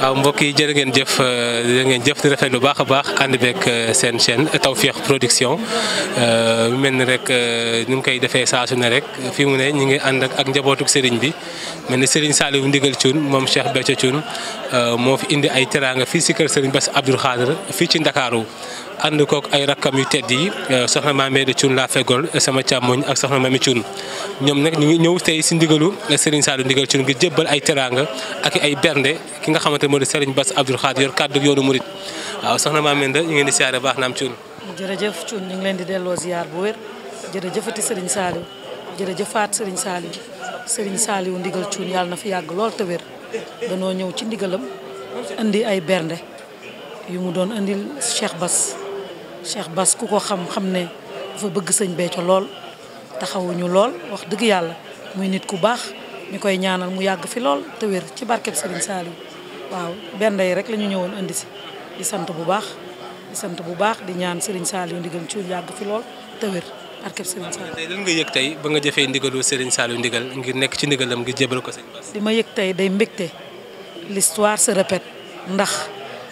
waaw mbokk yi jërë ngeen jëf euh, jërë ngeen jëf di rafet lu baax a baax ànd beeg euh, seen chaîne euh, Tawfekh Production mel ni rek ñu ngi koy defee saa ne rek fii mu ne ñu ngi ànd ak njabootuk sëriñ bi mel ni sëriñ Saliou Ndigal Thioune moom Cheikh Béthio Thioune moo fi indi ay teraanga fii si kër sëriñ Bass Abdou Khadre fii ci Ndakaaru ànd kook ay rakkam yu tedd yi euh, soxna Maamee Cuun laa feggool sama càmmoñ ak soxna Mami Cuun ñoom nag ñu ngi ñëw tey si ndigalu euh, Serigne Saliou ndigal Cuun ngir jébbal ay teraanga ak ay bernde ki nga xamante moo di Serigne Bass Abdoul Khadre yor kàddu yoonu murit waaw soxna Maamee Nda ñu ngeen di siyaare baax naam Cuun jërëjëf Cuun ñu ngi leen di delloo ziar bu wér jërëjëfati Serigne Saliou jërëjëfaat Serigne Saliou Serigne Saliou ndigal Cuun yàlla na fi yàgg lool te wér danoo ñëw ci ndigalam ay bernde yu Cheikh Bass Cheikh Bass ku ko xam xam ne dafa bëgg sëñ Béthio lool taxawuñu lool wax dëgg yàlla muy nit ku baax ñu koy ñaanal mu yàgg fi lool te wér ci barkeb Serigne Saliou waaw benn yi rek la ñu ñëwoon indi si di sant bu baax di sant bu baax di ñaan Serigne Saliou ndigal ci yàgg fi lool te wér barkeb Serigne Saliou. tey lan nga yëg tey ba nga jëfee ndigalu Serigne Saliou ndigal ngir nekk ci ndigalam ngir jébal ko sëñ Bass. li ma yëg tey day mbégte l'histoire se répète ndax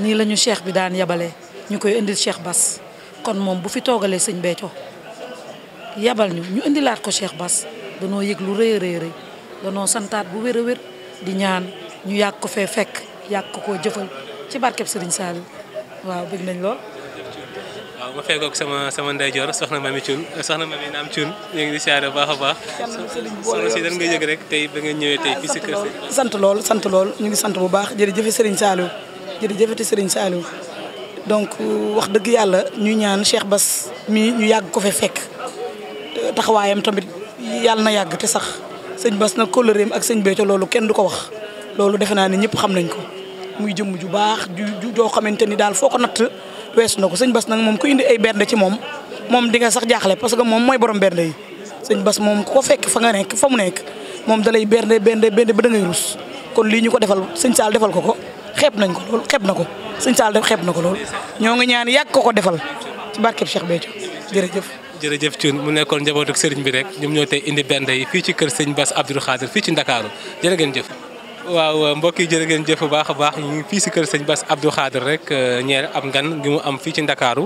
nii la ñu cheikh bi daan yabalee ñu koy indil Cheikh Bass. kon moom bu fi toogalee sëñ Béthio yabal ñu ñu indilaat ko Cheikh Bass danoo yëg lu rëy rëy rëy danoo santaat bu wér a wér di ñaan ñu yàgg ko fee fekk yàgg ko koo jëfal ci barkeb Sëriñ Saliou waaw bëgg nañ lool. waaw ba fekkoog sama sama ndeyjoor soxna Mamy Thioune soxna Mamy naam Thioune ñu ngi di siyaare baax a baax. soxna si dan nga yëg rek tey ba nga ñëwee tey fii si kër sant lool sant lool ñu ngi sant bu baax jërëjëf Sëriñ Saliou jërëjëf Sëriñ Saliou. donc wax dëgg yàlla ñuy ñaan Cheikh bas mi ñu yàgg ko fe fekk taxawaayam tamit yàlla na yàgg te sax sëñ bas nag kóllëreem ak sëñ Béthio loolu kenn du ko wax loolu defe naa ne ñëpp xam nañ ko muy jëmm ju baax ju joo xamante ni daal foo ko natt weesu na ko sëñ bas nag moom ku indi ay bernde ci moom moom di nga sax jaaxle parce que moom mooy borom bernde yi sëñ moom ku fekk fa nga nekk fa mu nekk moom dalay bernde bernde bernde ba da ngay rus kon lii ñu ko defal sëñ Saal defal ko ko xeeb nañ ko lool xeeb na ko sëñ Sall def xeeb na ko lool ñoo ngi ñaan yàgg ko ko defal ci barkeb Cheikh Béthio jërëjëf. jërëjëf Thioune mu nekkoon njabootu sëriñ bi rek ñoom ñoo te indi bernde yi fii ci kër sëñ Bass Abdou Khadre fii ci Ndakaaru jërë ngeen jëf. waaw euh, mbokk yi jërë ngeen jëf baax a baax ñu ngi fii si kër sëñ Bass Abdou Khadre rek euh, ñeer am ngan gi mu am fii ci ndakaaru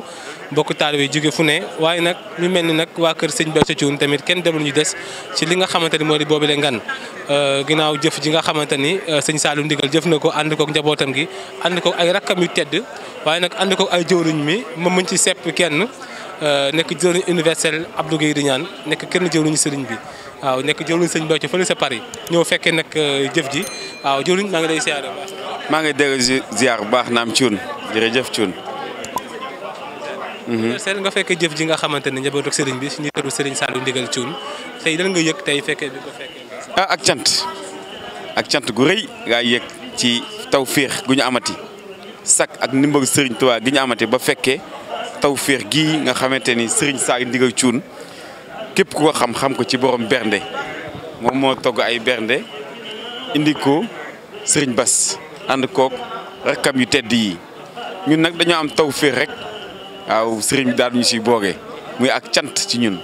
mbokk taalibe yi jóge fu ne waaye nag ñu mel ni nag waa kër sëñ Bass Thioune tamit kenn demul ñu des ci li nga xamante ni moo di boobu le ngan euh, ginnaaw jëf ji nga xamante ni sëñ Saliou Ndigal jëf na ko ànd kook njabootam gi ànd kook ay rakkam yu tedd waaye nag ànd kook ay jëwriñ mi ma mën ci sepp kenn nekk jëwriñ universel Abdou Guèye Rignane nekk kenn jëwriñu sëriñ bi waaw nekk jëwriñ sëñ Béthio fële sa Paris ñëw fekkee nag euh, jëf ji waaw jëwriñ maa ngi lay ziar bu baax. maa ngi dégg ziar bu baax naam Thioune jërëjëf Thioune. Mm-hmm. seet nga fekkee jëf ji nga xamante ne njabootu sëriñ bi suñuy tëru sëriñ Saliou Ndigal Thioune tey lan nga yëg tey fekkee ah, cant ak cant gu rëy ngaa yëg ci tawféex gu ñu amati sak ak ndimbalu sëriñ Tuubaa gi ñu amati ba fekkee tawféex gii nga xamante ni sëriñ Saliou Ndigal Thioune képp ko xam xam ko ci borom bernde moom moo togg ay bernde indi ko sëriñ Bas ànd kook rakkam yu tedd yi ñun nag dañoo am taw féex rek waaw sëriñ bi daal ñu si booge muy ak cant ci ñun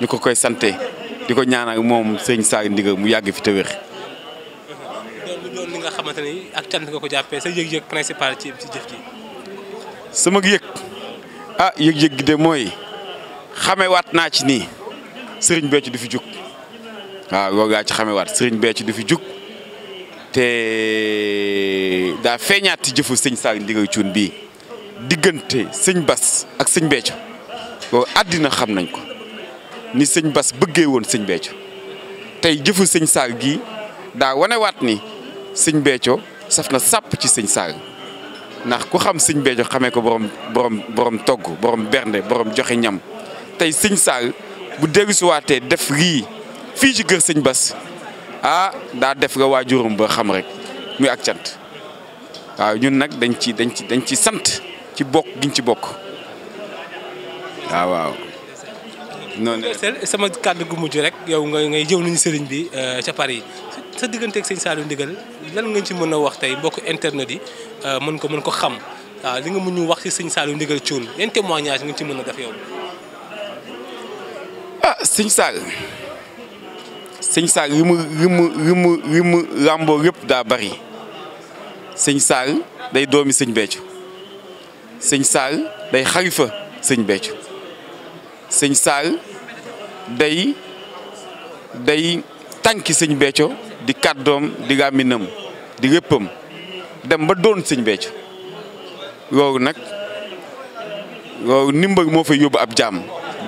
ñu ko koy sante di ko ñaanal moom sëriñ Saar Ndiga mu yàgg fi te wér li nga xamante ni ak cant ko jàppee sa yëg-yëg principal ci ci sama yëg ah yëg-yëg de mooy xamewaat naa ci nii sëriñ becc di fi jug waaw loolu laa ci xamewaat sëriñ becc du fi jug te daa feeñaati ci jëfu sëñ Saliou Ndigal Thioune bii diggante sëñ Bas ak sëñ becc loolu àddina xam nañ ko ni sëñ Bas bëggee woon sëñ becc tey jëfu sëñ Saliou gi daa wanewaat ni sëñ Béthio saf na sàpp ci sëñ Saliou ndax ku xam sëñ Béthio xamee ko borom borom borom togg borom bernde borom joxe ñam tey sëñ Saliou bu dellusiwaatee def lii fii ci sëñ bas ah daa def nga waajuram ba xam rek muy ak cant waaw ñun nag dañ ci dañ ci dañ ci sant ci bokk giñ ci bokk waaw waaw. noonu sama kàddu gu mujj rek yow ngay ngay jëw nañu sëriñ bi euh, ca Paris sa digganteeg sëñ saalu Ndigal lan nga ci mën a wax tey mbokk internet yi euh, mën ko mën ko xam waaw li nga mën ñu wax ci sëñ Saliou Ndigal Thioune yan témoignage nga ci mën a def yow. sëñ saal sëñ Saar li mu li mu làmboo lépp daa bari sëñ Saar day doomi sëñ Béthio sëñ Saar day xalifa sëñ Béthio sëñ saal day day tànki sëñ Béthio di kàddoom di làmminam di léppam dem ba doon sëñ Béthio loolu nag loolu ndimbal moo fay yóbbu ab jàmm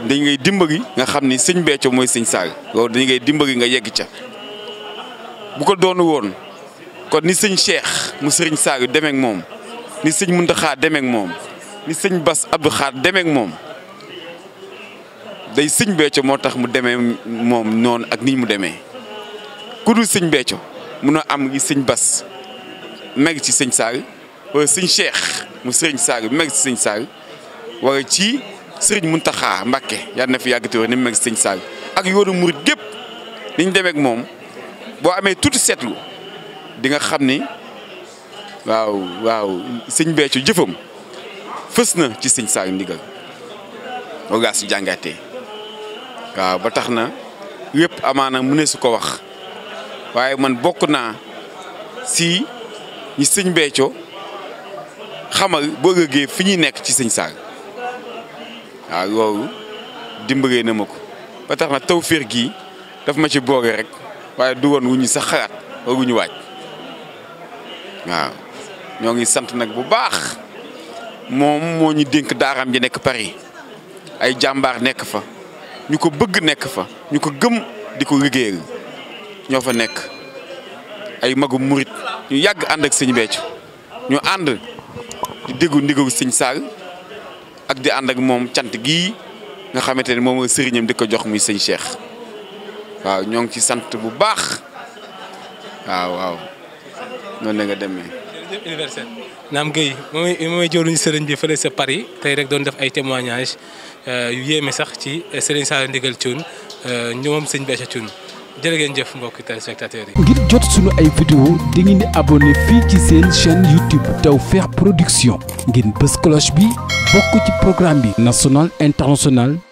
dañ ngay dimbali nga xam ni sëñ beeto mooy sëñ Saaliw loolu dañ ngay dimbali nga yegg ca bu ko doonu woon kon ni sëñ Cheikh mu sëriñ Saaliw demee moom ni sëñ Muntaxa demee ak moom ni sëñ Bass Abdou Khadre moom day sëñ moo tax mu demee moom noonu ak ni mu demee ku dul sëñ Béthio mun a am gi sëñ Bass meg ci sëñ Saaliw wala sëñ Cheikh mu sëriñ Saaliw meg ci sëñ Saaliw wala ci sëriñ Muntaxa Mbàkke yàlla na fi yàgg te wér ni mu mag sëñ saag ak yoonu murit gépp ni demeek moom boo amee tuuti seetlu di nga xam ni waaw waaw sëñ Béthio jëfam fës na ci sëñ Saaliw ndigal loolu gaa su jàngatee waaw ba tax na yëpp amaana mu ne su ko wax waaye man bokk naa si ñi sëñ Béthio xamal boo ëggee fi ñuy nekk ci sëñ Saaliw waaw loolu dimbalee na ma ko ba tax na tawféex gii daf ma ci boole rek waaye du woon wu ñu sax xalaat wala wu ñu waaj waaw ñoo ngi sant nag bu baax moom moo ñu dénk daaram ji nekk Paris ay jàmbaar nekk fa ñu ko bëgg nekk fa ñu ko gëm di ko liggéey ñoo fa nekk ay magu murit ñu yàgg ànd ak sëñ Béthio ñu ànd di déggu ndigalu sëñ Sall ak di ànd ak moom cant gii nga xamante ne moom mooy sëriñam di ko jox muy sëñ Cheikh waaw ñoo ngi ci sant bu baax waaw waaw noonu la nga demee. jërëjëf universel naam Guèye moom mooy jëluñu sëriñ bi fële sa Paris tey rek doon def ay témoignages euh, yu yéeme sax ci euh, sëriñ Saliou Ndigal Thioune euh, ñoom sëñ Béthio Thioune jërë ngeen jëf mbokki téléspectateurs yi. ngir jot sunu ay vidéo di ngeen di abonné fii ci seen chaîne YouTube Tawfekh Production ngeen bës cloche bi bokk ci programme bi national international.